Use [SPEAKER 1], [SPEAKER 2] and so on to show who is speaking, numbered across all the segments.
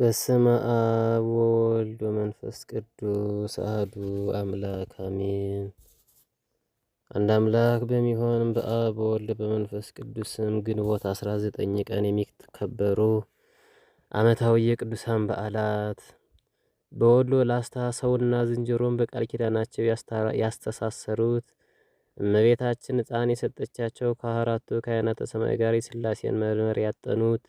[SPEAKER 1] በስመ አብ ወወልድ ወመንፈስ ቅዱስ አህዱ አምላክ አሜን። አንድ አምላክ በሚሆን በአብ ወልድ በመንፈስ ቅዱስ ስም ግንቦት አስራ ዘጠኝ ቀን የሚከበሩ ዓመታዊ የቅዱሳን በዓላት በወሎ ላስታ ሰውና ዝንጀሮን በቃል ኪዳናቸው ያስተሳሰሩት እመቤታችን ሕፃን የሰጠቻቸው ከአራቱ ካህናተ ሰማይ ጋር የሥላሴን መርመር ያጠኑት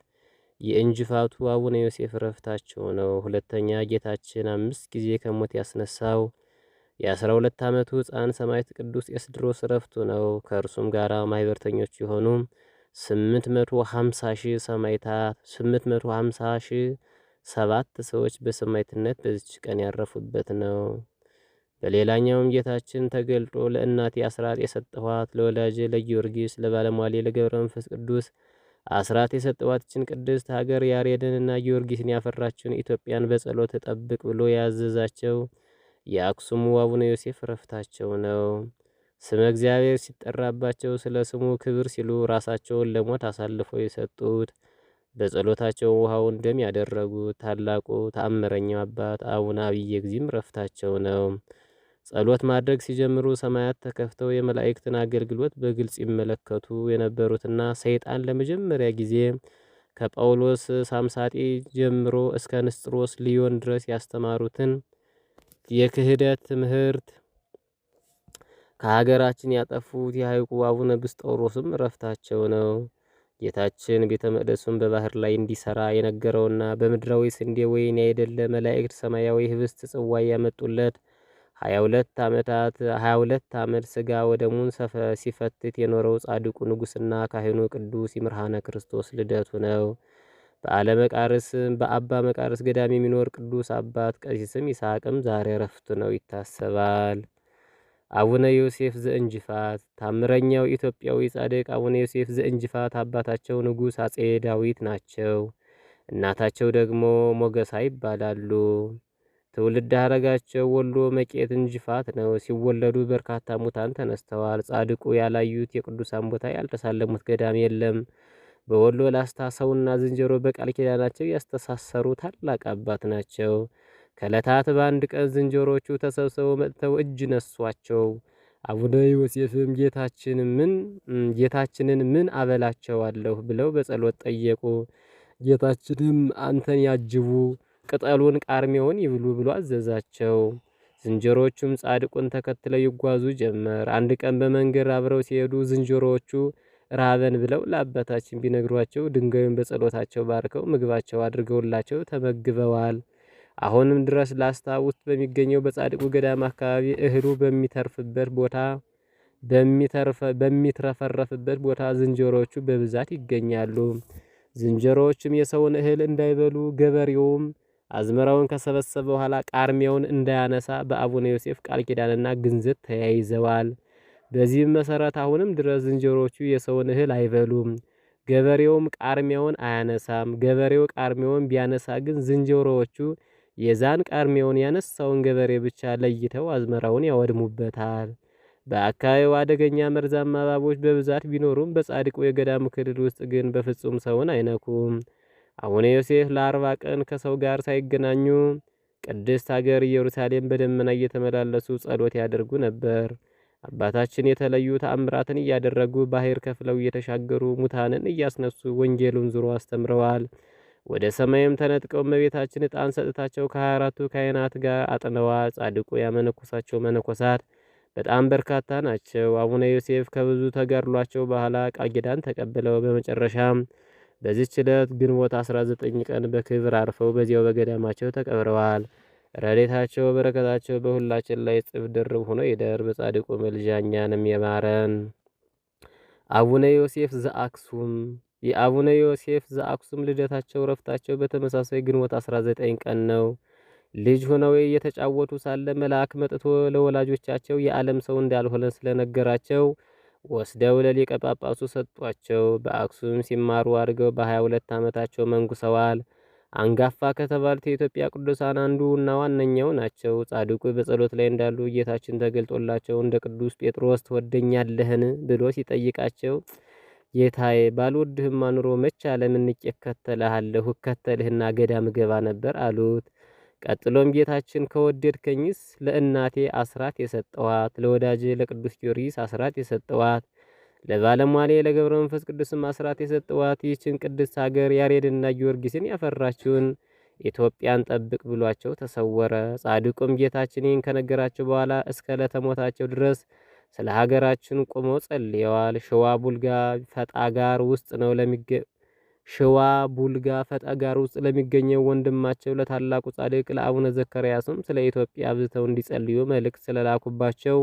[SPEAKER 1] የእንጅፋቱ አቡነ ዮሴፍ እረፍታቸው ነው። ሁለተኛ ጌታችን አምስት ጊዜ ከሞት ያስነሳው የአስራ ሁለት ዓመቱ ሕፃን ሰማዕት ቅዱስ ኤስድሮስ እረፍቱ ነው። ከእርሱም ጋር ማህበርተኞች የሆኑ ስምንት መቶ ሀምሳ ሺህ ሰማዕታት ስምንት መቶ ሀምሳ ሺህ ሰባት ሰዎች በሰማዕትነት በዚች ቀን ያረፉበት ነው። በሌላኛውም ጌታችን ተገልጦ ለእናቴ አስራት የሰጠኋት ለወላጅ ለጊዮርጊስ ለባለሟሌ ለገብረ መንፈስ ቅዱስ አስራት የሰጠዋትችን ቅድስት ሀገር ያሬድንና ጊዮርጊስን ያፈራችውን ኢትዮጵያን በጸሎት ጠብቅ ብሎ ያዘዛቸው የአክሱሙ አቡነ ዮሴፍ ረፍታቸው ነው። ስመ እግዚአብሔር ሲጠራባቸው ስለ ስሙ ክብር ሲሉ ራሳቸውን ለሞት አሳልፈው የሰጡት በጸሎታቸው ውሃውን ደም ያደረጉት ታላቁ ተአምረኛው አባት አቡነ አብየ እግዚእም ረፍታቸው ነው። ጸሎት ማድረግ ሲጀምሩ ሰማያት ተከፍተው የመላእክትን አገልግሎት በግልጽ ይመለከቱ የነበሩትና ሰይጣን ለመጀመሪያ ጊዜ ከጳውሎስ ሳምሳጤ ጀምሮ እስከ ንስጥሮስ ሊዮን ድረስ ያስተማሩትን የክህደት ትምህርት ከሀገራችን ያጠፉት የሐይቁ አቡነ ብስጠውሮስም እረፍታቸው ነው። ጌታችን ቤተ መቅደሱን በባህር ላይ እንዲሰራ የነገረውና በምድራዊ ስንዴ ወይን ያይደለ መላእክት ሰማያዊ ህብስት ጽዋ ያመጡለት ሀያ ሁለት ስጋ ወደ ሙን ዓመት ወደሙን ሲፈትት የኖረው ጻድቁ ንጉሥና ካህኑ ቅዱስ ይምርሃነ ክርስቶስ ልደቱ ነው። በአለ መቃርስ በአባ መቃርስ ገዳም የሚኖር ቅዱስ አባት ቀሲስም ይስሐቅም ዛሬ ረፍቱ ነው ይታሰባል። አቡነ ዮሴፍ ዘእንጅፋት ታምረኛው ኢትዮጵያዊ ጻድቅ አቡነ ዮሴፍ ዘእንጅፋት አባታቸው ንጉሥ አጼ ዳዊት ናቸው። እናታቸው ደግሞ ሞገሳ ይባላሉ። ትውልድ ሐረጋቸው ወሎ መቄት እንጅፋት ነው። ሲወለዱ በርካታ ሙታን ተነስተዋል። ጻድቁ ያላዩት የቅዱሳን ቦታ ያልተሳለሙት ገዳም የለም። በወሎ ላስታ ሰውና ዝንጀሮ በቃል ኪዳናቸው ያስተሳሰሩ ታላቅ አባት ናቸው። ከለታት በአንድ ቀን ዝንጀሮቹ ተሰብስበው መጥተው እጅ ነሷቸው። አቡነ ዮሴፍም ጌታችን ምን ጌታችንን ምን አበላቸዋለሁ ብለው በጸሎት ጠየቁ። ጌታችንም አንተን ያጅቡ ቅጠሉን ቃርሚውን ይብሉ ብሎ አዘዛቸው። ዝንጀሮዎቹም ጻድቁን ተከትለው ይጓዙ ጀመር። አንድ ቀን በመንገድ አብረው ሲሄዱ ዝንጀሮዎቹ ራበን ብለው ለአባታችን ቢነግሯቸው ድንጋዩን በጸሎታቸው ባርከው ምግባቸው አድርገውላቸው ተመግበዋል። አሁንም ድረስ ላስታ ውስጥ በሚገኘው በጻድቁ ገዳም አካባቢ እህሉ በሚተርፍበት ቦታ በሚትረፈረፍበት ቦታ ዝንጀሮዎቹ በብዛት ይገኛሉ። ዝንጀሮዎቹም የሰውን እህል እንዳይበሉ ገበሬውም አዝመራውን ከሰበሰበ በኋላ ቃርሚያውን እንዳያነሳ በአቡነ ዮሴፍ ቃል ኪዳንና ግንዘት ተያይዘዋል። በዚህም መሰረት አሁንም ድረስ ዝንጀሮቹ የሰውን እህል አይበሉም። ገበሬውም ቃርሚያውን አያነሳም። ገበሬው ቃርሚያውን ቢያነሳ ግን ዝንጀሮዎቹ የዛን ቃርሚያውን ያነሳውን ገበሬ ብቻ ለይተው አዝመራውን ያወድሙበታል። በአካባቢው አደገኛ መርዛማ እባቦች በብዛት ቢኖሩም በጻድቁ የገዳሙ ክልል ውስጥ ግን በፍጹም ሰውን አይነኩም። አቡነ ዮሴፍ ለአርባ ቀን ከሰው ጋር ሳይገናኙ ቅድስት አገር ኢየሩሳሌም በደመና እየተመላለሱ ጸሎት ያደርጉ ነበር። አባታችን የተለዩ ተአምራትን እያደረጉ ባህር ከፍለው እየተሻገሩ ሙታንን እያስነሱ ወንጌሉን ዙሮ አስተምረዋል። ወደ ሰማይም ተነጥቀው እመቤታችን ዕጣን ሰጥታቸው ከሀያ አራቱ ካህናት ጋር አጥነዋል። ጻድቁ ያመነኮሳቸው መነኮሳት በጣም በርካታ ናቸው። አቡነ ዮሴፍ ከብዙ ተጋድሏቸው በኋላ ቃል ኪዳን ተቀብለው በመጨረሻም በዚህ ዕለት ግንቦት 19 ቀን በክብር አርፈው በዚያው በገዳማቸው ተቀብረዋል። ረዴታቸው በረከታቸው በሁላችን ላይ ጽፍ ድርብ ሆኖ ይደር። በጻድቁ ምልጃ እኛንም የማረን። አቡነ ዮሴፍ ዘአክሱም የአቡነ ዮሴፍ ዘአክሱም ልደታቸው ረፍታቸው በተመሳሳይ ግንቦት 19 ቀን ነው። ልጅ ሆነው እየተጫወቱ ሳለ መልአክ መጥቶ ለወላጆቻቸው የዓለም ሰው እንዳልሆነ ስለነገራቸው ወስደው ለሊቀ ጳጳሱ ሰጧቸው። በአክሱም ሲማሩ አድርገው በ22 ዓመታቸው መንጉሰዋል። አንጋፋ ከተባሉት የኢትዮጵያ ቅዱሳን አንዱ እና ዋነኛው ናቸው። ጻድቁ በጸሎት ላይ እንዳሉ ጌታችን ተገልጦላቸው እንደ ቅዱስ ጴጥሮስ ትወደኛለህን ብሎ ሲጠይቃቸው ጌታዬ ባልወድህማ ኑሮ መቼ ዓለምን እከተልሃለሁ እከተልህና ገዳም ገባ ነበር አሉት። ቀጥሎም ጌታችን ከወደድከኝስ ለእናቴ አስራት የሰጠዋት ለወዳጄ ለቅዱስ ጊዮርጊስ አስራት የሰጠዋት ለባለሟሌ ለገብረ መንፈስ ቅዱስም አስራት የሰጠዋት ይህችን ቅድስት ሀገር ያሬድና ጊዮርጊስን ያፈራችውን ኢትዮጵያን ጠብቅ ብሏቸው ተሰወረ። ጻድቁም ጌታችን ይህን ከነገራቸው በኋላ እስከ ለተሞታቸው ድረስ ስለ ሀገራችን ቆመው ጸልየዋል። ሸዋ ቡልጋ ጋር ውስጥ ነው ሸዋ ቡልጋ ፈጠጋር ውስጥ ለሚገኘው ወንድማቸው ለታላቁ ጻድቅ ለአቡነ ዘካርያስም ስለ ኢትዮጵያ አብዝተው እንዲጸልዩ መልእክት ስለላኩባቸው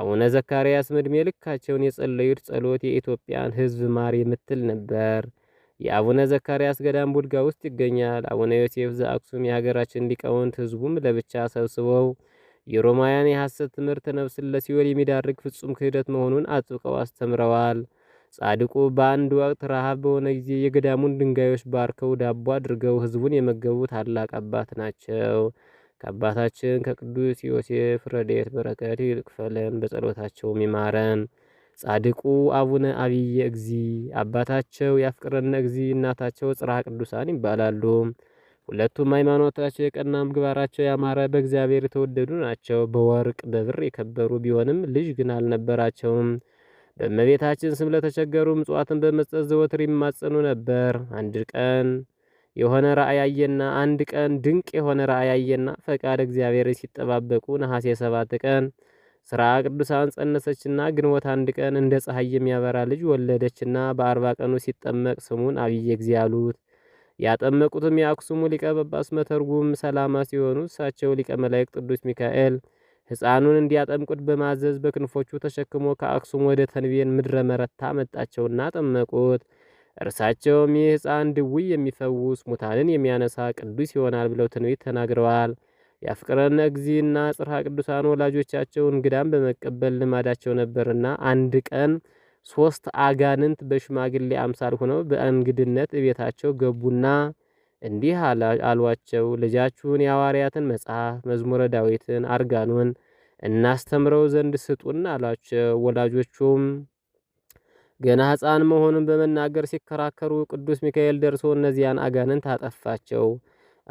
[SPEAKER 1] አቡነ ዘካርያስ ዕድሜ ልካቸውን የጸለዩት ጸሎት የኢትዮጵያን ሕዝብ ማር የምትል ነበር። የአቡነ ዘካርያስ ገዳም ቡልጋ ውስጥ ይገኛል። አቡነ ዮሴፍ ዘአክሱም የሀገራችን ሊቃውንት ሕዝቡም ለብቻ ሰብስበው የሮማውያን የሐሰት ትምህርት ነፍስን ለሲኦል የሚዳርግ ፍጹም ክህደት መሆኑን አጥብቀው አስተምረዋል። ጻድቁ በአንድ ወቅት ረሃብ በሆነ ጊዜ የገዳሙን ድንጋዮች ባርከው ዳቦ አድርገው ህዝቡን የመገቡ ታላቅ አባት ናቸው። ከአባታችን ከቅዱስ ዮሴፍ ረድኤት በረከት ይክፈለን፣ በጸሎታቸውም ይማረን። ጻድቁ አቡነ አብየ እግዚ አባታቸው ያፍቅረነ እግዚ እናታቸው ጽርሐ ቅዱሳን ይባላሉ። ሁለቱም ሃይማኖታቸው የቀና ምግባራቸው ያማረ በእግዚአብሔር የተወደዱ ናቸው። በወርቅ በብር የከበሩ ቢሆንም ልጅ ግን አልነበራቸውም። በእመቤታችን ስም ለተቸገሩ ምጽዋትን በመስጠት ዘወትር ይማጸኑ ነበር። አንድ ቀን የሆነ ራእይ አየና አንድ ቀን ድንቅ የሆነ ራእይ አየና ፈቃድ እግዚአብሔር ሲጠባበቁ ነሐሴ ሰባት ቀን ስራ ቅዱሳን ጸነሰችና ግንቦት አንድ ቀን እንደ ፀሐይ የሚያበራ ልጅ ወለደችና በአርባ ቀኑ ሲጠመቅ ስሙን አብየ እግዚእ አሉት። ያጠመቁትም የአክሱሙ ሊቀ ጳጳስ መተርጉም ሰላማ ሲሆኑ እሳቸው ሊቀ መላእክት ቅዱስ ሚካኤል ሕፃኑን እንዲያጠምቁት በማዘዝ በክንፎቹ ተሸክሞ ከአክሱም ወደ ተንቤን ምድረ መረታ መጣቸውና ጠመቁት። እርሳቸውም ይህ ሕፃን ድውይ የሚፈውስ ሙታንን የሚያነሳ ቅዱስ ይሆናል ብለው ትንቢት ተናግረዋል። የአፍቅረነ እግዚእና ጽርሐ ቅዱሳን ወላጆቻቸው እንግዳን በመቀበል ልማዳቸው ነበርና አንድ ቀን ሶስት አጋንንት በሽማግሌ አምሳል ሆነው በእንግድነት ቤታቸው ገቡና እንዲህ አሏቸው፣ ልጃችሁን የሐዋርያትን መጽሐፍ መዝሙረ ዳዊትን አርጋኑን እናስተምረው ዘንድ ስጡን አሏቸው። ወላጆቹም ገና ሕፃን መሆኑን በመናገር ሲከራከሩ ቅዱስ ሚካኤል ደርሶ እነዚያን አጋንንት አጠፋቸው።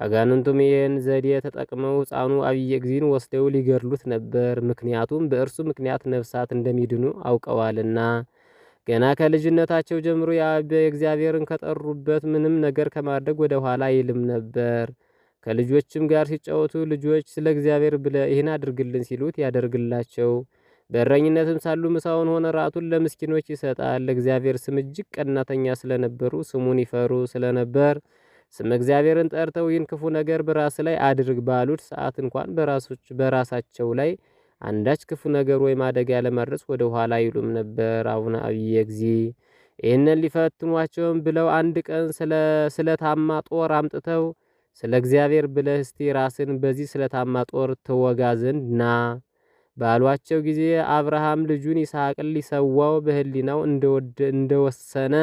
[SPEAKER 1] አጋንንቱም ይህን ዘዴ ተጠቅመው ሕፃኑ አብየ እግዚእን ወስደው ሊገድሉት ነበር። ምክንያቱም በእርሱ ምክንያት ነፍሳት እንደሚድኑ አውቀዋልና። ገና ከልጅነታቸው ጀምሮ እግዚአብሔርን ከጠሩበት ምንም ነገር ከማድረግ ወደ ኋላ አይልም ነበር። ከልጆችም ጋር ሲጫወቱ ልጆች ስለ እግዚአብሔር ብለ ይህን አድርግልን ሲሉት ያደርግላቸው። በእረኝነትም ሳሉ ምሳውን ሆነ ራቱን ለምስኪኖች ይሰጣል። ለእግዚአብሔር ስም እጅግ ቀናተኛ ስለነበሩ ስሙን ይፈሩ ስለነበር ስም እግዚአብሔርን ጠርተው ይህን ክፉ ነገር በራስ ላይ አድርግ ባሉት ሰዓት እንኳን በራሳቸው ላይ አንዳች ክፉ ነገር ወይም አደጋ ያለማድረስ ወደ ኋላ ይሉም ነበር። አቡነ አብየ እግዚ ይህንን ሊፈትኗቸውም ብለው አንድ ቀን ስለታማ ጦር አምጥተው ስለ እግዚአብሔር ብለህ እስቲ ራስን በዚህ ስለታማ ጦር ትወጋ ዘንድ ና ባሏቸው ጊዜ አብርሃም ልጁን ይስሐቅን ሊሰዋው በህሊናው እንደወሰነ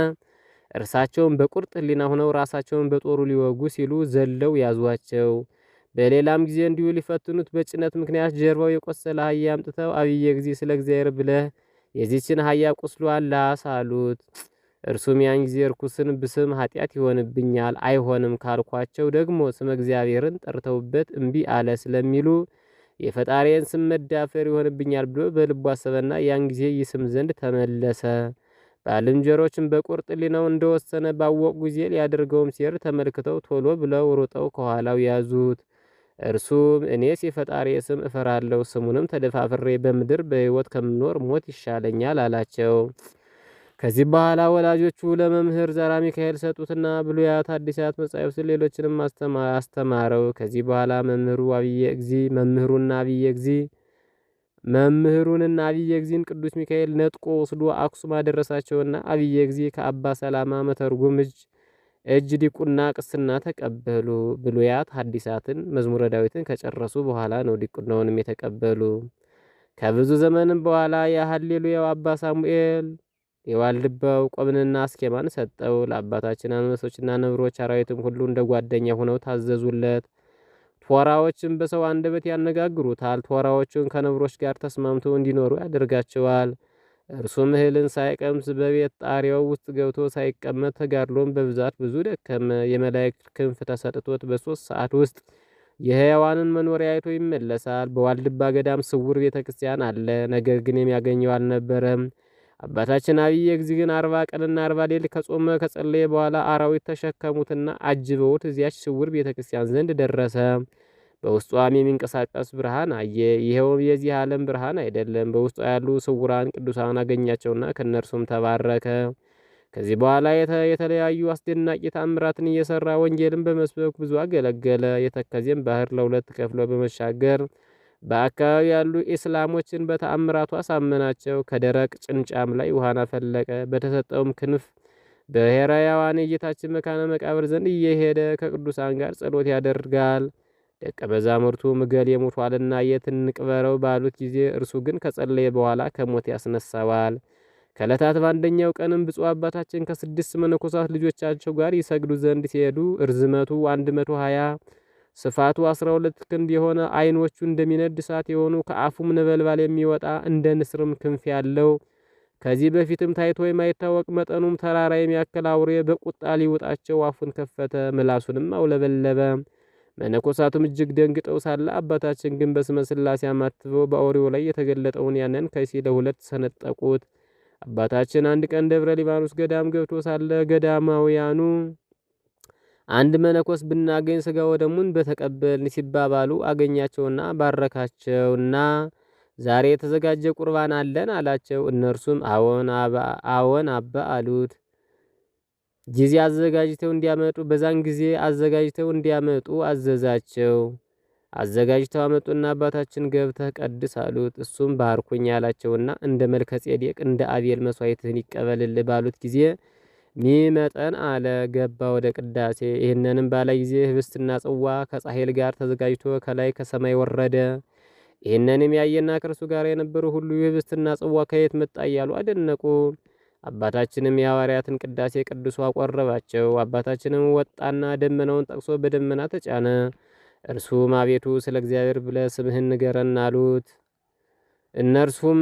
[SPEAKER 1] እርሳቸውን በቁርጥ ሕሊና ሆነው ራሳቸውን በጦሩ ሊወጉ ሲሉ ዘለው ያዟቸው። በሌላም ጊዜ እንዲሁ ሊፈትኑት በጭነት ምክንያት ጀርባው የቆሰለ አህያ አምጥተው አብየ ጊዜ ስለ እግዚአብሔር ብለህ የዚችን አህያ ቁስሏን ላስ አሉት። እርሱም ያን ጊዜ እርኩስን ብስም ኃጢአት ይሆንብኛል አይሆንም ካልኳቸው ደግሞ ስመ እግዚአብሔርን ጠርተውበት እምቢ አለ ስለሚሉ የፈጣሪን ስም መዳፈር ይሆንብኛል ብሎ በልቡ አሰበና ያን ጊዜ ይስም ዘንድ ተመለሰ። ባልንጀሮችን በቁርጥ ሊነው እንደወሰነ ባወቁ ጊዜ ሊያደርገውም ሲር ተመልክተው ቶሎ ብለው ሩጠው ከኋላው ያዙት። እርሱም እኔስ የፈጣሪ ስም እፈራለሁ፣ ስሙንም ተደፋፍሬ በምድር በሕይወት ከምኖር ሞት ይሻለኛል አላቸው። ከዚህ በኋላ ወላጆቹ ለመምህር ዘራ ሚካኤል ሰጡትና ብሉያት አዲሳት መጻሕፍትን ሌሎችንም አስተማረው። ከዚህ በኋላ መምህሩ አብየ እግዚ መምህሩና አብየ እግዚ መምህሩንና አብየ እግዚን ቅዱስ ሚካኤል ነጥቆ ወስዶ አክሱም አደረሳቸውና አብየ እግዚ ከአባ ሰላማ መተርጉም እጅ እጅ ዲቁና ቅስና ተቀበሉ። ብሉያት ሐዲሳትን መዝሙረ ዳዊትን ከጨረሱ በኋላ ነው ዲቁናውንም የተቀበሉ። ከብዙ ዘመንም በኋላ የሃሌሉያው አባ ሳሙኤል የዋልድባው ቆብንና አስኬማን ሰጠው። ለአባታችን አንበሶችና ነብሮች አራዊትም ሁሉ እንደ ጓደኛ ሆነው ታዘዙለት። ቶራዎችን በሰው አንደበት ያነጋግሩታል። ቶራዎቹን ከነብሮች ጋር ተስማምተው እንዲኖሩ ያደርጋቸዋል። እርሱም እህልን ሳይቀምስ በቤት ጣሪያው ውስጥ ገብቶ ሳይቀመጥ ተጋድሎም በብዛት ብዙ ደከመ። የመላእክት ክንፍ ተሰጥቶት በሦስት ሰዓት ውስጥ የሕያዋንን መኖሪያ አይቶ ይመለሳል። በዋልድባ ገዳም ስውር ቤተ ክርስቲያን አለ፣ ነገር ግን የሚያገኘው አልነበረም። አባታችን አብይ እግዚእ ግን አርባ ቀንና አርባ ሌሊት ከጾመ ከጸለየ በኋላ አራዊት ተሸከሙትና አጅበውት እዚያች ስውር ቤተ ክርስቲያን ዘንድ ደረሰ። በውስጧም የሚንቀሳቀስ ብርሃን አየ። ይኸውም የዚህ ዓለም ብርሃን አይደለም። በውስጧ ያሉ ስውራን ቅዱሳን አገኛቸውና ከእነርሱም ተባረከ። ከዚህ በኋላ የተለያዩ አስደናቂ ታምራትን እየሰራ ወንጌልን በመስበክ ብዙ አገለገለ። የተከዜም ባህር ለሁለት ከፍሎ በመሻገር በአካባቢ ያሉ ኢስላሞችን በተአምራቱ አሳመናቸው። ከደረቅ ጭንጫም ላይ ውሃን አፈለቀ። በተሰጠውም ክንፍ በሕያዋን ጌታችን መካነ መቃብር ዘንድ እየሄደ ከቅዱሳን ጋር ጸሎት ያደርጋል። ደቀ መዛሙርቱ ምገል ሞቷልና የት እንቅበረው ባሉት ጊዜ እርሱ ግን ከጸለየ በኋላ ከሞት ያስነሳዋል። ከለታት በአንደኛው ቀንም ብፁዕ አባታችን ከስድስት መነኮሳት ልጆቻቸው ጋር ይሰግዱ ዘንድ ሲሄዱ እርዝመቱ 120 ስፋቱ 12 ክንድ የሆነ ዓይኖቹ እንደሚነድ እሳት የሆኑ ከአፉም ነበልባል የሚወጣ እንደ ንስርም ክንፍ ያለው ከዚህ በፊትም ታይቶ የማይታወቅ መጠኑም ተራራ የሚያክል አውሬ በቁጣ ሊውጣቸው አፉን ከፈተ፣ ምላሱንም አውለበለበ። መነኮሳቱም እጅግ ደንግጠው ሳለ አባታችን ግን በስመ ሥላሴ አማትበው በአውሬው ላይ የተገለጠውን ያንን ከይሲ ለሁለት ሰነጠቁት። አባታችን አንድ ቀን ደብረ ሊባኖስ ገዳም ገብቶ ሳለ ገዳማውያኑ አንድ መነኮስ ብናገኝ ስጋ ወደሙን በተቀበልን ሲባባሉ አገኛቸውና ባረካቸውና ዛሬ የተዘጋጀ ቁርባን አለን አላቸው። እነርሱም አዎን አባ አሉት። ጊዜ አዘጋጅተው እንዲያመጡ በዛን ጊዜ አዘጋጅተው እንዲያመጡ አዘዛቸው። አዘጋጅተው አመጡና አባታችን ገብተህ ቀድስ አሉት። እሱም ባርኩኝ አላቸውና እንደ መልከ ጼዴቅ እንደ አቤል መስዋዕትህን ይቀበልል ባሉት ጊዜ ሚመጠን አለ ገባ ወደ ቅዳሴ። ይህንንም ባለ ጊዜ ህብስትና ጽዋ ከጻሄል ጋር ተዘጋጅቶ ከላይ ከሰማይ ወረደ። ይህንንም ያየና ከእርሱ ጋር የነበሩ ሁሉ ህብስትና ጽዋ ከየት መጣ እያሉ አደነቁ። አባታችንም የሐዋርያትን ቅዳሴ ቅዱሱ አቆረባቸው። አባታችንም ወጣና ደመናውን ጠቅሶ በደመና ተጫነ። እርሱም አቤቱ ስለ እግዚአብሔር ብለ ስምህን ንገረን አሉት። እነርሱም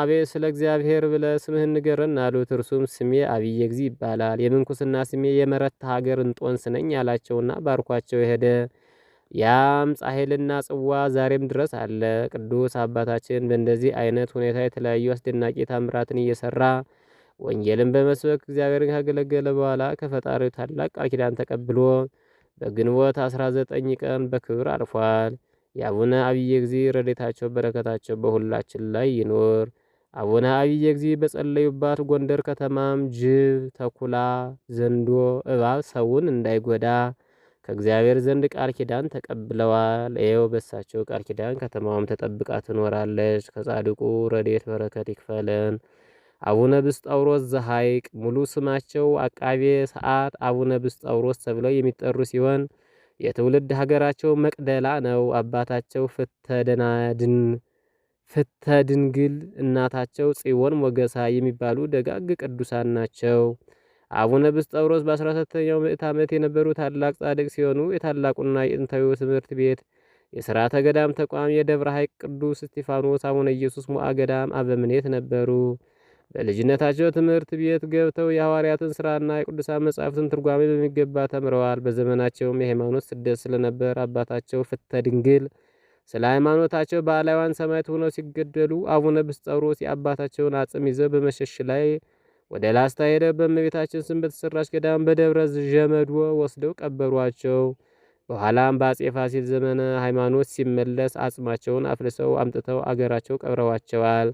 [SPEAKER 1] አቤ ስለ እግዚአብሔር ብለ ስምህን ንገረን አሉት። እርሱም ስሜ አብየ እግዚ ይባላል፣ የምንኩስና ስሜ የመረት ሀገር እንጦንስ ነኝ አላቸውና ባርኳቸው የሄደ ያም ጻሕልና ጽዋ ዛሬም ድረስ አለ። ቅዱስ አባታችን በእንደዚህ አይነት ሁኔታ የተለያዩ አስደናቂ ታምራትን እየሰራ ወንጌልን በመስበክ እግዚአብሔርን ካገለገለ በኋላ ከፈጣሪው ታላቅ ቃል ኪዳን ተቀብሎ በግንቦት 19 ቀን በክብር አርፏል። የአቡነ አብየ እግዚእ ረድኤታቸው በረከታቸው በሁላችን ላይ ይኖር። አቡነ አብየ እግዚእ በጸለዩባት ጎንደር ከተማም ጅብ፣ ተኩላ፣ ዘንዶ፣ እባብ ሰውን እንዳይጎዳ ከእግዚአብሔር ዘንድ ቃል ኪዳን ተቀብለዋል። ይኸው በሳቸው ቃል ኪዳን ከተማዋም ተጠብቃ ትኖራለች። ከጻድቁ ረድኤት በረከት ይክፈለን። አቡነ ብስጣውሮስ ዘሐይቅ ሙሉ ስማቸው አቃቤ ሰዓት አቡነ ብስጣውሮስ ተብለው የሚጠሩ ሲሆን የትውልድ ሀገራቸው መቅደላ ነው። አባታቸው ፍተደናድን ፍተድንግል እናታቸው ጽዮን ሞገሳ የሚባሉ ደጋግ ቅዱሳን ናቸው። አቡነ ብስጣውሮስ በ17ኛው ምዕት ዓመት የነበሩ ታላቅ ጻድቅ ሲሆኑ የታላቁና የጥንታዊ ትምህርት ቤት የሥርዓተ ገዳም ተቋም የደብረ ሐይቅ ቅዱስ እስጢፋኖስ አቡነ ኢየሱስ ሞዓ ገዳም አበምኔት ነበሩ። በልጅነታቸው ትምህርት ቤት ገብተው የሐዋርያትን ሥራና የቅዱሳን መጻሕፍትን ትርጓሜ በሚገባ ተምረዋል። በዘመናቸውም የሃይማኖት ስደት ስለነበር አባታቸው ፍተ ድንግል ስለ ሃይማኖታቸው ባላዋን ሰማዕት ሆነው ሲገደሉ አቡነ ብስጠሮስ የአባታቸውን አጽም ይዘው በመሸሽ ላይ ወደ ላስታ ሄደው በእመቤታችን ስም በተሰራች ገዳም በደብረ ዠመድዎ ወስደው ቀበሯቸው። በኋላም በአጼ ፋሲል ዘመነ ሃይማኖት ሲመለስ አጽማቸውን አፍልሰው አምጥተው አገራቸው ቀብረዋቸዋል።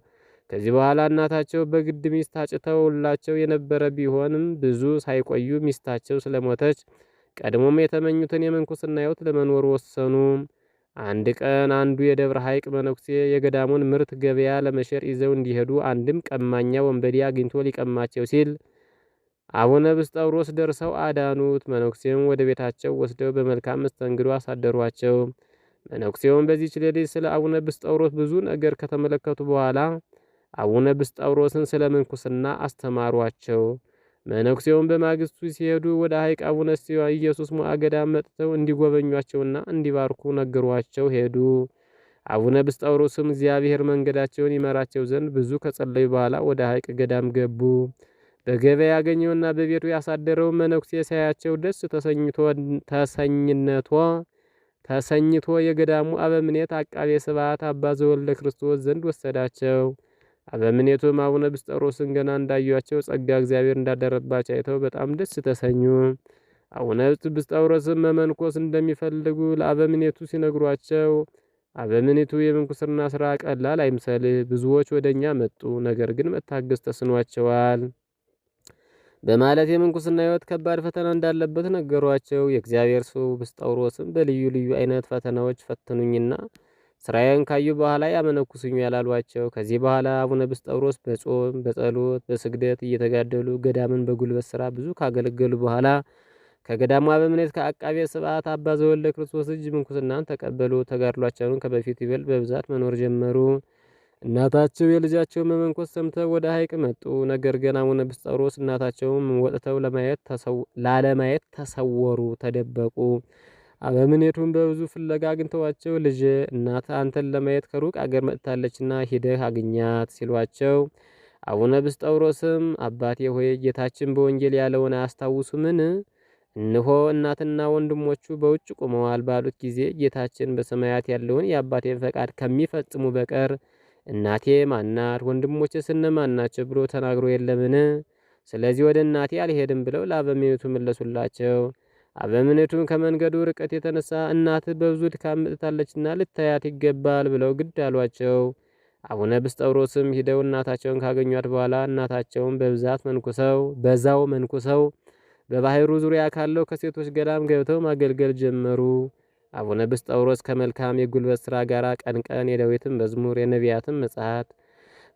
[SPEAKER 1] ከዚህ በኋላ እናታቸው በግድ ሚስት አጭተውላቸው የነበረ ቢሆንም ብዙ ሳይቆዩ ሚስታቸው ስለሞተች ቀድሞም የተመኙትን የምንኩስና ሕይወት ለመኖር ወሰኑ። አንድ ቀን አንዱ የደብረ ሐይቅ መነኩሴ የገዳሙን ምርት ገበያ ለመሸር ይዘው እንዲሄዱ አንድም ቀማኛ ወንበዴ አግኝቶ ሊቀማቸው ሲል አቡነ ብስጠውሮስ ደርሰው አዳኑት። መነኩሴውም ወደ ቤታቸው ወስደው በመልካም መስተንግዶ አሳደሯቸው። መነኩሴውም በዚህች ሌሊት ስለ አቡነ ብስጠውሮስ ብዙ ነገር ከተመለከቱ በኋላ አቡነ ብስጣውሮስን ስለ ምንኩስና አስተማሯቸው። መነኩሴውን በማግስቱ ሲሄዱ ወደ ሐይቅ አቡነ ኢየሱስ ሞዐ ገዳም መጥተው እንዲጎበኟቸውና እንዲባርኩ ነግሯቸው ሄዱ። አቡነ ብስጣውሮስም እግዚአብሔር መንገዳቸውን ይመራቸው ዘንድ ብዙ ከጸለዩ በኋላ ወደ ሐይቅ ገዳም ገቡ። በገበያ ያገኘውና በቤቱ ያሳደረው መነኩሴ ሳያቸው ደስ ተሰኝነቶ ተሰኝቶ የገዳሙ አበምኔት አቃቤ ስብዓት አባ ዘወልደ ክርስቶስ ዘንድ ወሰዳቸው። አበምኔቱም አቡነ ብስጠሮስን ገና እንዳዩቸው ጸጋ እግዚአብሔር እንዳደረባቸው አይተው በጣም ደስ ተሰኙ። አቡነ ብስጠሮስም መመንኮስ እንደሚፈልጉ ለአበምኔቱ ሲነግሯቸው አበምኔቱ የምንኩስና ስራ ቀላል አይምሰልህ፣ ብዙዎች ወደ እኛ መጡ፣ ነገር ግን መታገስ ተስኗቸዋል በማለት የምንኩስና ህይወት ከባድ ፈተና እንዳለበት ነገሯቸው። የእግዚአብሔር ሰው ብስጠውሮስም በልዩ ልዩ አይነት ፈተናዎች ፈትኑኝና ስራዬን ካዩ በኋላ ያመነኩሱኝ ያላሏቸው ከዚህ በኋላ አቡነ ብስጠውሮስ በጾም በጸሎት በስግደት እየተጋደሉ ገዳምን በጉልበት ስራ ብዙ ካገለገሉ በኋላ ከገዳሟ በምኔት ከአቃቤ ስብዓት አባ ዘወልደ ክርስቶስ እጅ ምንኩስናን ተቀበሉ። ተጋድሏቸውን ከበፊት ይበልጥ በብዛት መኖር ጀመሩ። እናታቸው የልጃቸው መመንኮስ ሰምተው ወደ ሐይቅ መጡ። ነገር ግን አቡነ ብስጠውሮስ እናታቸውን ወጥተው ላለማየት ተሰወሩ፣ ተደበቁ። አበምኔቱም በብዙ ፍለጋ አግኝተዋቸው ልጅ እናት አንተን ለማየት ከሩቅ አገር መጥታለችና ሂደህ አግኛት ሲሏቸው አቡነ ብስጠውሮስም አባቴ ሆይ ጌታችን በወንጌል ያለውን አያስታውሱምን? እንሆ እናትና ወንድሞቹ በውጭ ቆመዋል ባሉት ጊዜ ጌታችን በሰማያት ያለውን የአባቴን ፈቃድ ከሚፈጽሙ በቀር እናቴ ማናት ወንድሞቼ እነማን ናቸው ብሎ ተናግሮ የለምን? ስለዚህ ወደ እናቴ አልሄድም ብለው ለአበምኔቱ መለሱላቸው። አበምኔቱም ከመንገዱ ርቀት የተነሳ እናት በብዙ ድካም ምጥታለችና ልታያት ይገባል ብለው ግድ አሏቸው። አቡነ ብስጠውሮስም ሂደው እናታቸውን ካገኟት በኋላ እናታቸውን በብዛት መንኩሰው በዛው መንኩሰው በባህሩ ዙሪያ ካለው ከሴቶች ገዳም ገብተው ማገልገል ጀመሩ። አቡነ ብስጠውሮስ ከመልካም የጉልበት ስራ ጋር ቀን ቀን የዳዊትን መዝሙር የነቢያትን መጽሐት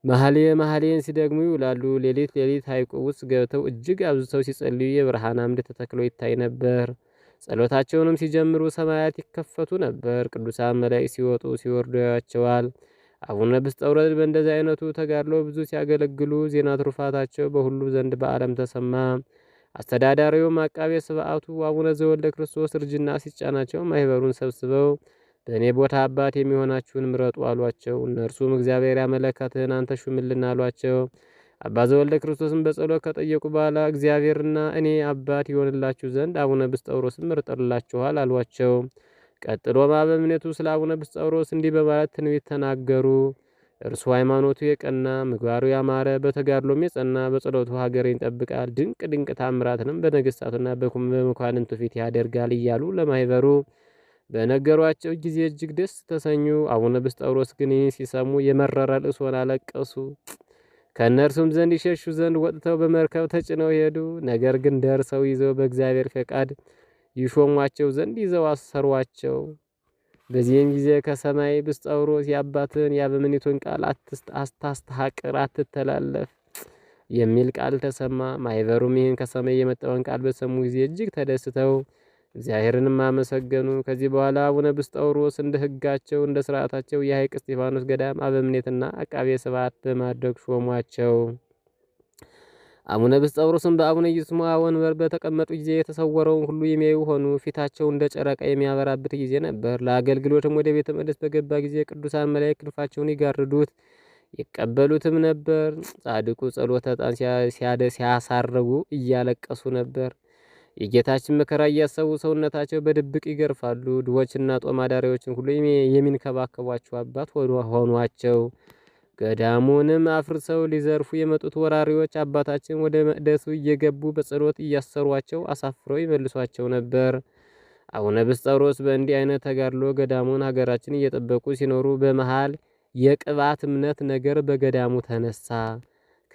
[SPEAKER 1] መኃልየ መኃልየን ሲደግሙ ይውላሉ። ሌሊት ሌሊት ሐይቁ ውስጥ ገብተው እጅግ አብዝተው ሲጸልዩ የብርሃን አምድ ተተክሎ ይታይ ነበር። ጸሎታቸውንም ሲጀምሩ ሰማያት ይከፈቱ ነበር። ቅዱሳን መላእክት ሲወጡ ሲወርዱ ያቸዋል። አቡነ ብስጠውረድ በእንደዚህ አይነቱ ተጋድሎ ብዙ ሲያገለግሉ ዜና ትሩፋታቸው በሁሉ ዘንድ በዓለም ተሰማ። አስተዳዳሪውም አቃቤ ስብዓቱ አቡነ ዘወልደ ክርስቶስ እርጅና ሲጫናቸው ማህበሩን ሰብስበው በእኔ ቦታ አባት የሚሆናችሁን ምረጡ አሏቸው። እነርሱም እግዚአብሔር ያመለካትህን አንተ ሹምልን አሏቸው። አባ ዘወልደ ክርስቶስን በጸሎት ከጠየቁ በኋላ እግዚአብሔርና እኔ አባት ይሆንላችሁ ዘንድ አቡነ ብስጠውሮስ መርጠርላችኋል አሏቸው። ቀጥሎ ማበምኔቱ ስለ አቡነ ብስጠውሮስ እንዲህ በማለት ትንቢት ተናገሩ። እርሱ ሃይማኖቱ የቀና ምግባሩ ያማረ በተጋድሎም የጸና በጸሎቱ ሀገርን ይጠብቃል፣ ድንቅ ድንቅ ታምራትንም በነገስታቱና በመኳንንቱ ፊት ያደርጋል እያሉ ለማይበሩ በነገሯቸው ጊዜ እጅግ ደስ ተሰኙ። አቡነ ብስጠሮስ ግን ይህን ሲሰሙ የመረረ ልቅሶን አለቀሱ። ከእነርሱም ዘንድ ይሸሹ ዘንድ ወጥተው በመርከብ ተጭነው ሄዱ። ነገር ግን ደርሰው ይዘው በእግዚአብሔር ፈቃድ ይሾሟቸው ዘንድ ይዘው አሰሯቸው። በዚህም ጊዜ ከሰማይ ብስጠውሮስ የአባትን የአበምኒቱን ቃል አታስተሐቅር፣ አትተላለፍ የሚል ቃል ተሰማ። ማይበሩም ይህን ከሰማይ የመጣውን ቃል በሰሙ ጊዜ እጅግ ተደስተው እግዚአብሔርንም አመሰገኑ። ከዚህ በኋላ አቡነ ብስጠውሮስ እንደ ሕጋቸው እንደ ስርዓታቸው የሐይቅ እስጢፋኖስ ገዳም አበምኔትና አቃቤ ስባት በማድረግ ሾሟቸው። አቡነ ብስጠውሮስም በአቡነ ይስማ ወንበር በተቀመጡ ጊዜ የተሰወረውን ሁሉ የሚያዩ ሆኑ። ፊታቸው እንደ ጨረቃ የሚያበራበት ጊዜ ነበር። ለአገልግሎትም ወደ ቤተ መቅደስ በገባ ጊዜ ቅዱሳን መላእክት ክንፋቸውን ይጋርዱት ይቀበሉትም ነበር። ጻድቁ ጸሎተ ዕጣን ሲያሳረጉ እያለቀሱ ነበር። የጌታችን መከራ እያሰቡ ሰውነታቸው በድብቅ ይገርፋሉ። ድሆችና ጦም አዳሪዎችን ሁሉ የሚንከባከቧቸው አባት ሆኗቸው። ገዳሙንም አፍርሰው ሊዘርፉ የመጡት ወራሪዎች አባታችን ወደ መቅደሱ እየገቡ በጸሎት እያሰሯቸው አሳፍረው ይመልሷቸው ነበር። አቡነ ብስጠሮስ በእንዲህ አይነት ተጋድሎ ገዳሙን ሀገራችን እየጠበቁ ሲኖሩ በመሃል የቅባት እምነት ነገር በገዳሙ ተነሳ።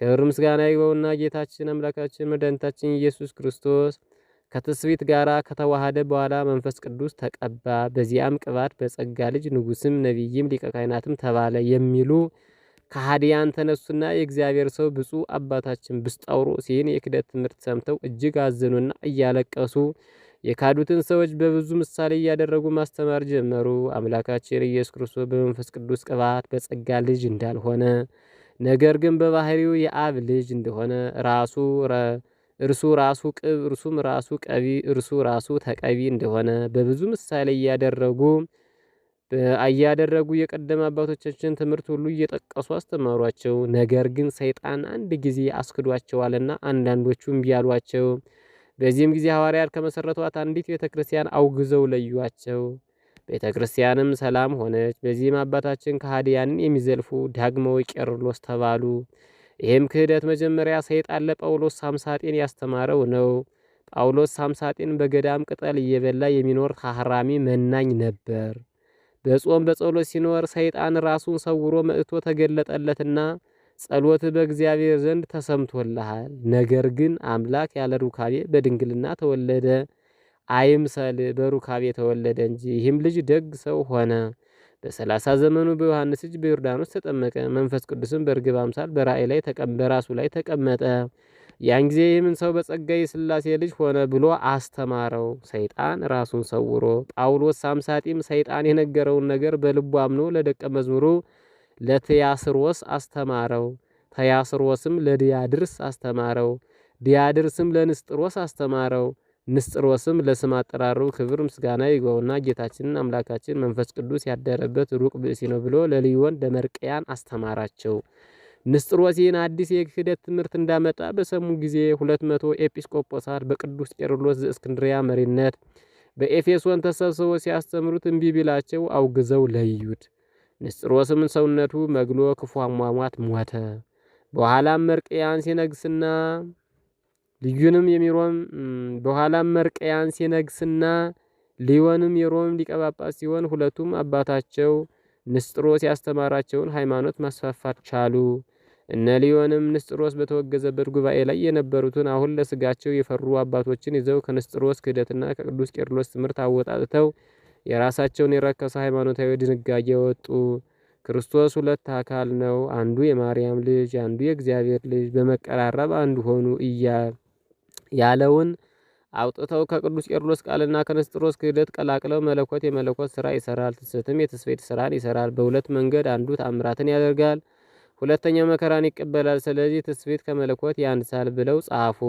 [SPEAKER 1] ክብር ምስጋና ይግባውና ጌታችን አምላካችን መድኃኒታችን ኢየሱስ ክርስቶስ ከትስብእት ጋር ከተዋሃደ በኋላ መንፈስ ቅዱስ ተቀባ። በዚያም ቅባት በጸጋ ልጅ ንጉስም ነቢይም ሊቀ ካህናትም ተባለ የሚሉ ከሃዲያን ተነሱና የእግዚአብሔር ሰው ብፁዕ አባታችን ብስጣውሮ ይህን የክደት ትምህርት ሰምተው እጅግ አዘኑና እያለቀሱ የካዱትን ሰዎች በብዙ ምሳሌ እያደረጉ ማስተማር ጀመሩ። አምላካችን ኢየሱስ ክርስቶስ በመንፈስ ቅዱስ ቅባት በጸጋ ልጅ እንዳልሆነ ነገር ግን በባህሪው የአብ ልጅ እንደሆነ ራሱ እርሱ ራሱ ቅብ እርሱም ራሱ ቀቢ እርሱ ራሱ ተቀቢ እንደሆነ በብዙ ምሳሌ እያደረጉ እያደረጉ የቀደመ አባቶቻችን ትምህርት ሁሉ እየጠቀሱ አስተማሯቸው። ነገር ግን ሰይጣን አንድ ጊዜ አስክዷቸዋልና አንዳንዶቹ እምቢ አሏቸው። በዚህም ጊዜ ሐዋርያት ከመሰረቷት አንዲት ቤተ ክርስቲያን አውግዘው ለዩአቸው። ቤተ ክርስቲያንም ሰላም ሆነች። በዚህም አባታችን ከሃዲያንን የሚዘልፉ ዳግመው ቄርሎስ ተባሉ። ይህም ክህደት መጀመሪያ ሰይጣን ለጳውሎስ ሳምሳጤን ያስተማረው ነው። ጳውሎስ ሳምሳጤን በገዳም ቅጠል እየበላ የሚኖር ታህራሚ መናኝ ነበር። በጾም በጸሎት ሲኖር ሰይጣን ራሱን ሰውሮ መጥቶ ተገለጠለትና ጸሎት በእግዚአብሔር ዘንድ ተሰምቶልሃል፣ ነገር ግን አምላክ ያለ ሩካቤ በድንግልና ተወለደ አይምሰል በሩካቤ ተወለደ እንጂ ይህም ልጅ ደግ ሰው ሆነ። በሰላሳ ዘመኑ በዮሐንስ እጅ በዮርዳኖስ ተጠመቀ። መንፈስ ቅዱስም በርግብ አምሳል በራእይ ላይ በራሱ ላይ ተቀመጠ። ያን ጊዜ ይህምን ሰው በጸጋ ስላሴ ልጅ ሆነ ብሎ አስተማረው። ሰይጣን ራሱን ሰውሮ ጳውሎስ ሳምሳጢም ሰይጣን የነገረውን ነገር በልቡ አምኖ ለደቀ መዝሙሩ ለትያስሮስ አስተማረው። ተያስሮስም ለዲያድርስ አስተማረው። ዲያድርስም ለንስጥሮስ አስተማረው። ንስጥሮስም ለስም አጠራሩ ክብር ምስጋና ይግባውና ጌታችንን አምላካችን መንፈስ ቅዱስ ያደረበት ሩቅ ብእሲ ነው ብሎ ለልዮን ደመርቅያን አስተማራቸው። ንስጥሮስ ይህን አዲስ የክህደት ትምህርት እንዳመጣ በሰሙ ጊዜ ሁለት መቶ ኤጲስቆጶሳት በቅዱስ ቄርሎስ ዘእስክንድሪያ መሪነት በኤፌሶን ተሰብስቦ ሲያስተምሩት እምቢ ቢላቸው አውግዘው ለዩት። ንስጥሮስም ሰውነቱ መግሎ ክፉ አሟሟት ሞተ። በኋላም መርቅያን ሲነግስና ልዩንም የሚሮም በኋላም መርቀያን ሲነግስና ሊዮንም የሮም ሊቀ ሲሆን ሁለቱም አባታቸው ንስጥሮስ ያስተማራቸውን ሃይማኖት ማስፋፋት ቻሉ። እነ ሊዮንም ንስጥሮስ በተወገዘበት ጉባኤ ላይ የነበሩትን አሁን ለስጋቸው የፈሩ አባቶችን ይዘው ከንስጥሮስ ክህደትና ከቅዱስ ቄርሎስ ትምህርት አወጣጥተው የራሳቸውን የረከሰ ሃይማኖታዊ ድንጋጌ ወጡ። ክርስቶስ ሁለት አካል ነው፣ አንዱ የማርያም ልጅ፣ አንዱ የእግዚአብሔር ልጅ በመቀራረብ አንዱ ሆኑ እያል ያለውን አውጥተው ከቅዱስ ቄርሎስ ቃልና ከንስጥሮስ ክህደት ቀላቅለው መለኮት የመለኮት ስራ ይሰራል፣ ትስብእትም የትስብእት ስራን ይሰራል። በሁለት መንገድ አንዱ ታምራትን ያደርጋል፣ ሁለተኛው መከራን ይቀበላል። ስለዚህ ትስብእት ከመለኮት ያንሳል ብለው ጻፉ።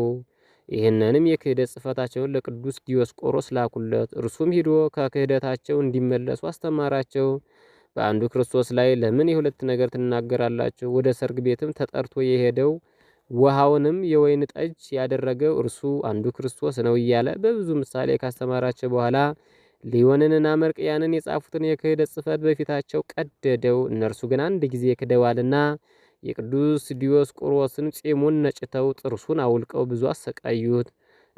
[SPEAKER 1] ይህንንም የክህደት ጽፈታቸውን ለቅዱስ ዲዮስቆሮስ ላኩለት። እርሱም ሂዶ ከክህደታቸው እንዲመለሱ አስተማራቸው። በአንዱ ክርስቶስ ላይ ለምን የሁለት ነገር ትናገራላችሁ? ወደ ሰርግ ቤትም ተጠርቶ የሄደው ውሃውንም የወይን ጠጅ ያደረገው እርሱ አንዱ ክርስቶስ ነው እያለ በብዙ ምሳሌ ካስተማራቸው በኋላ ሊዮንንና መርቅያንን የጻፉትን የክህደት ጽፈት በፊታቸው ቀደደው። እነርሱ ግን አንድ ጊዜ ክደዋልና የቅዱስ ዲዮስቆሮስን ጺሙን ነጭተው ጥርሱን አውልቀው ብዙ አሰቃዩት።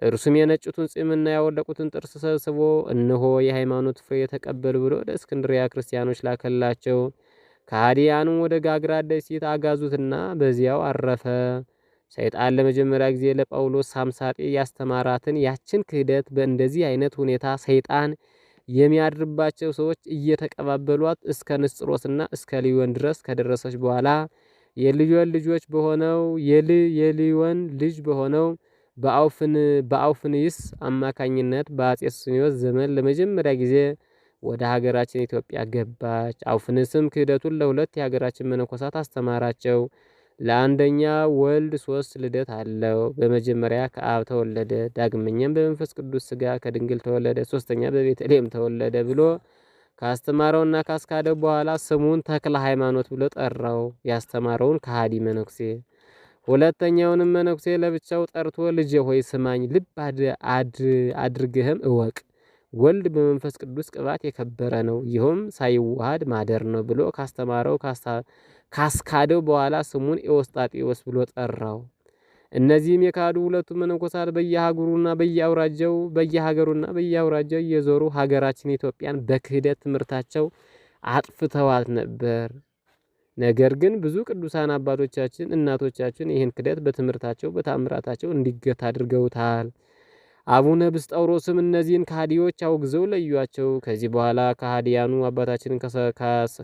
[SPEAKER 1] እርሱም የነጩትን ጺምና ያወለቁትን ጥርስ ሰብስቦ እነሆ የሃይማኖት ፍሬ የተቀበሉ ብሎ ወደ እስክንድሪያ ክርስቲያኖች ላከላቸው። ከሃዲያኑም ወደ ጋግራ ደሴት አጋዙትና በዚያው አረፈ። ሰይጣን ለመጀመሪያ ጊዜ ለጳውሎስ ሳምሳጤ ያስተማራትን ያችን ክህደት በእንደዚህ አይነት ሁኔታ ሰይጣን የሚያድርባቸው ሰዎች እየተቀባበሏት እስከ ንስጥሮስና እስከ ሊዮን ድረስ ከደረሰች በኋላ የልዮን ልጆች በሆነው የሊዮን ልጅ በሆነው በአውፍንይስ አማካኝነት በአጼ ሱስንዮስ ዘመን ለመጀመሪያ ጊዜ ወደ ሀገራችን ኢትዮጵያ ገባች። አውፍንስም ክህደቱን ለሁለት የሀገራችን መነኮሳት አስተማራቸው። ለአንደኛ ወልድ ሶስት ልደት አለው። በመጀመሪያ ከአብ ተወለደ፣ ዳግመኛም በመንፈስ ቅዱስ ስጋ ከድንግል ተወለደ፣ ሶስተኛ በቤተልሔም ተወለደ ብሎ ካስተማረውና ካስካደው በኋላ ስሙን ተክለ ሃይማኖት ብሎ ጠራው። ያስተማረውን ከሃዲ መነኩሴ ሁለተኛውንም መነኩሴ ለብቻው ጠርቶ ልጄ ሆይ ስማኝ፣ ልብ አድርግህም እወቅ፣ ወልድ በመንፈስ ቅዱስ ቅባት የከበረ ነው፣ ይኸውም ሳይዋሃድ ማደር ነው ብሎ ካስተማረው ካስካደው በኋላ ስሙን ኤዎስጣቴዎስ ብሎ ጠራው። እነዚህም የካዱ ሁለቱ መነኮሳት በየሀገሩና በየአውራጀው በየሀገሩና በየአውራጀው እየዞሩ ሀገራችን ኢትዮጵያን በክህደት ትምህርታቸው አጥፍተዋት ነበር። ነገር ግን ብዙ ቅዱሳን አባቶቻችን እናቶቻችን ይህን ክደት በትምህርታቸው በታምራታቸው እንዲገት አድርገውታል። አቡነ ብስጠውሮስም እነዚህን ካዲዎች አውግዘው ለዩዋቸው። ከዚህ በኋላ ከሃዲያኑ አባታችንን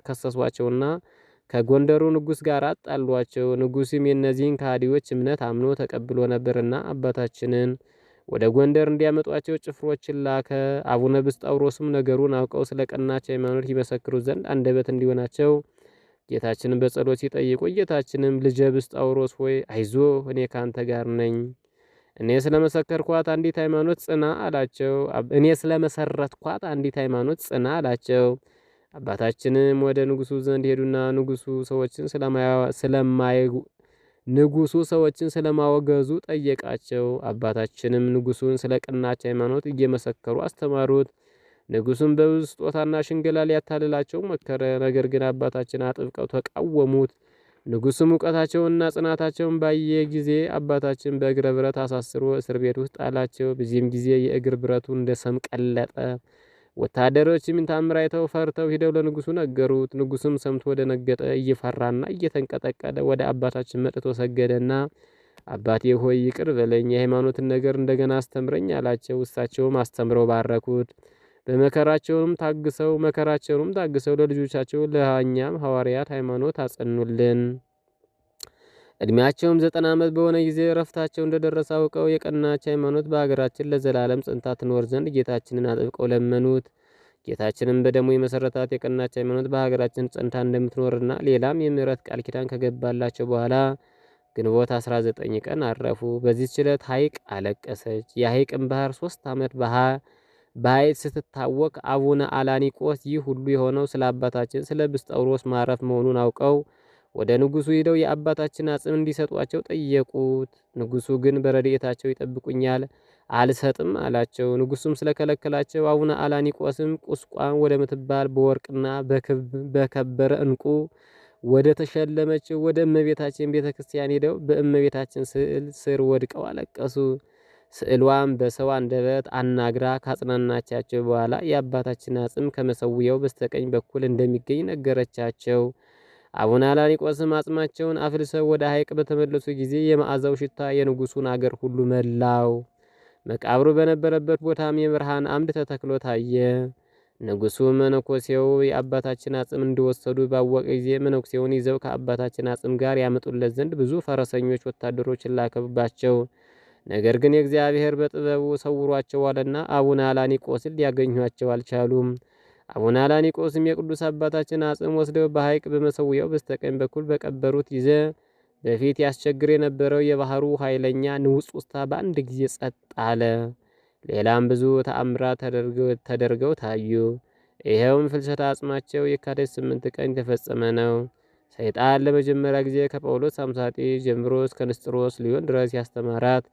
[SPEAKER 1] ከሰሷቸውና ከጎንደሩ ንጉስ ጋር አጣሏቸው። ንጉስም የእነዚህን ከሃዲዎች እምነት አምኖ ተቀብሎ ነበርና አባታችንን ወደ ጎንደር እንዲያመጧቸው ጭፍሮችን ላከ። አቡነ ብስጣውሮስም ነገሩን አውቀው ስለ ቀናች ሃይማኖት ይመሰክሩት ዘንድ አንደበት እንዲሆናቸው ጌታችንን በጸሎት ሲጠይቁ፣ ጌታችንም ልጄ ብስጣውሮስ ሆይ አይዞ እኔ ካንተ ጋር ነኝ፣ እኔ ስለመሰከርኳት አንዲት ሃይማኖት ጽና አላቸው። እኔ ስለመሰረትኳት አንዲት ሃይማኖት ጽና አላቸው። አባታችንም ወደ ንጉሱ ዘንድ ሄዱና ንጉሱ ሰዎችን ስለማይ ንጉሱ ሰዎችን ስለማወገዙ ጠየቃቸው። አባታችንም ንጉሱን ስለ ቀናች ሃይማኖት እየመሰከሩ አስተማሩት። ንጉሱም በብዙ ስጦታና ሽንገላ ሊያታልላቸው መከረ። ነገር ግን አባታችን አጥብቀው ተቃወሙት። ንጉሱም እውቀታቸውንና ጽናታቸውን ባየ ጊዜ አባታችን በእግረ ብረት አሳስሮ እስር ቤት ውስጥ አላቸው በዚህም ጊዜ የእግር ብረቱ እንደ ሰም ቀለጠ። ወታደሮች ታምር አይተው ፈርተው ሂደው ለንጉሱ ነገሩት። ንጉሱም ሰምቶ ነገጠ እየፈራና እየተንቀጠቀደ ወደ አባታችን መጥቶ ሰገደና አባቴ ሆይ ይቅር በለኝ፣ የሃይማኖትን ነገር እንደገና አስተምረኝ አላቸው። እሳቸውም አስተምረው ባረኩት። በመከራቸውም ታግሰው መከራቸውንም ታግሰው ለልጆቻቸው ለእኛም ሐዋርያት ሃይማኖት አጸኑልን። እድሜያቸውም ዘጠና ዓመት በሆነ ጊዜ እረፍታቸው እንደደረሰ አውቀው የቀናች ሃይማኖት በአገራችን ለዘላለም ጽንታ ትኖር ዘንድ ጌታችንን አጥብቀው ለመኑት። ጌታችንም በደሙ የመሰረታት የቀናች ሃይማኖት በሀገራችን ጽንታ እንደምትኖርና ሌላም የምረት ቃል ኪዳን ከገባላቸው በኋላ ግንቦት 19 ቀን አረፉ። በዚህ ችለት ሐይቅ አለቀሰች። የሐይቅን ባህር ሶስት ዓመት በሐይቅ ስትታወቅ አቡነ አላኒቆስ ይህ ሁሉ የሆነው ስለ አባታችን ስለ ብስጠውሮስ ማረፍ መሆኑን አውቀው ወደ ንጉሱ ሄደው የአባታችን አጽም እንዲሰጧቸው ጠየቁት። ንጉሱ ግን በረድኤታቸው ይጠብቁኛል አልሰጥም አላቸው። ንጉሱም ስለከለከላቸው አቡነ አላኒቆስም ቁስቋም ወደ ምትባል በወርቅና በከበረ እንቁ ወደ ተሸለመችው ወደ እመቤታችን ቤተ ክርስቲያን ሄደው በእመቤታችን ስዕል ስር ወድቀው አለቀሱ። ስዕሏም በሰው አንደበት አናግራ ካጽናናቻቸው በኋላ የአባታችን አጽም ከመሰውየው በስተቀኝ በኩል እንደሚገኝ ነገረቻቸው። አቡነ አላኒቆስም አጽማቸውን አፍልሰው ወደ ሐይቅ በተመለሱ ጊዜ የመዓዛው ሽታ የንጉሱን አገር ሁሉ መላው። መቃብሩ በነበረበት ቦታም የብርሃን አምድ ተተክሎ ታየ። ንጉሱ መነኮሴው የአባታችን አጽም እንደወሰዱ ባወቀ ጊዜ መነኮሴውን ይዘው ከአባታችን አጽም ጋር ያመጡለት ዘንድ ብዙ ፈረሰኞች ወታደሮች ላከባቸው። ነገር ግን የእግዚአብሔር በጥበቡ ሰውሯቸዋልና አቡነ አላኒቆስን ሊያገኟቸው አልቻሉም። አቡነ አላኒቆስም የቅዱስ አባታችን አጽም ወስደው በሐይቅ በመሰውያው በስተቀኝ በኩል በቀበሩት ይዘ በፊት ያስቸግር የነበረው የባህሩ ኃይለኛ ንውጽ ውስታ በአንድ ጊዜ ጸጥ አለ። ሌላም ብዙ ተአምራት ተደርገው ታዩ። ይኸውም ፍልሰታ አጽማቸው የካቲት ስምንት ቀን የተፈጸመ ነው። ሰይጣን ለመጀመሪያ ጊዜ ከጳውሎስ አምሳጢ ጀምሮ እስከ ንስጥሮስ ሊሆን ድረስ ያስተማራት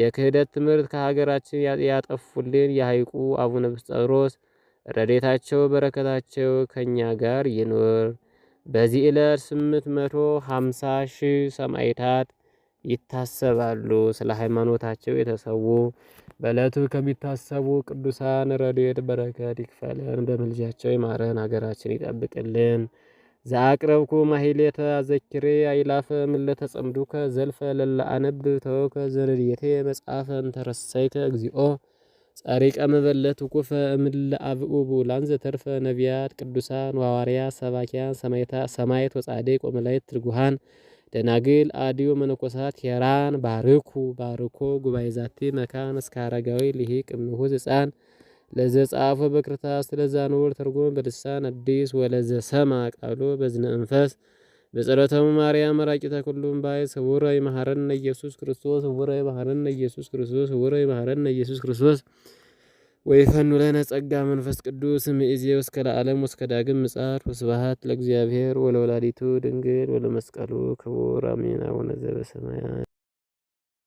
[SPEAKER 1] የክህደት ትምህርት ከሀገራችን ያጠፉልን የሐይቁ አቡነ ንስጥሮስ ረዴታቸው በረከታቸው ከእኛ ጋር ይኑር። በዚህ ዕለት 850 መቶ ሺህ ሰማዕታት ይታሰባሉ። ስለ ሃይማኖታቸው የተሰዉ በዕለቱ ከሚታሰቡ ቅዱሳን ረድኤት በረከት ይክፈለን፣ በምልጃቸው ይማረን፣ ሀገራችን ይጠብቅልን። ዘአቅረብኩ ማሂሌተ አዘኪሬ አይላፈ ምለተ ጽምዱከ ዘልፈ ለላ አነብብ ተወከ ዘረድኤቴ መጽሐፈን ተረሰይከ እግዚኦ ጻሪቀ መበለት ውቁፈ እምለ አብኡቡ ላንዘ ተርፈ ነቢያት ቅዱሳን ዋዋርያ ሰባኪያን ሰማይት ወጻዴቅ ወመላየት ትርጉሃን ደናግል አዲዮ መነኮሳት ሄራን ባርኩ ባርኮ ጉባኤ ዛቲ መካን እስከ አረጋዊ ልሂቅ እምሁ ህፃን ለዘ ጻፎ በክርታስ ለዛ ንውር ተርጎም በልሳን አዲስ ወለዘ ሰማ ቃሉ በዝነ እንፈስ በጸሎተሙ ማርያም መራቂተ ኩሉም ባይ ስውረ ይመሐረነ ኢየሱስ ክርስቶስ ስውረ ይመሐረነ ኢየሱስ ክርስቶስ ስውረ ይመሐረነ ኢየሱስ ክርስቶስ ወይፈኑ ለነ ጸጋ መንፈስ ቅዱስ እምይእዜው እስከ ለዓለም እስከ ዳግም ምጽአት። ወስብሐት ለእግዚአብሔር ወለወላዲቱ ድንግል ወለመስቀሉ ክቡር አሜን። አቡነ ዘበሰማያት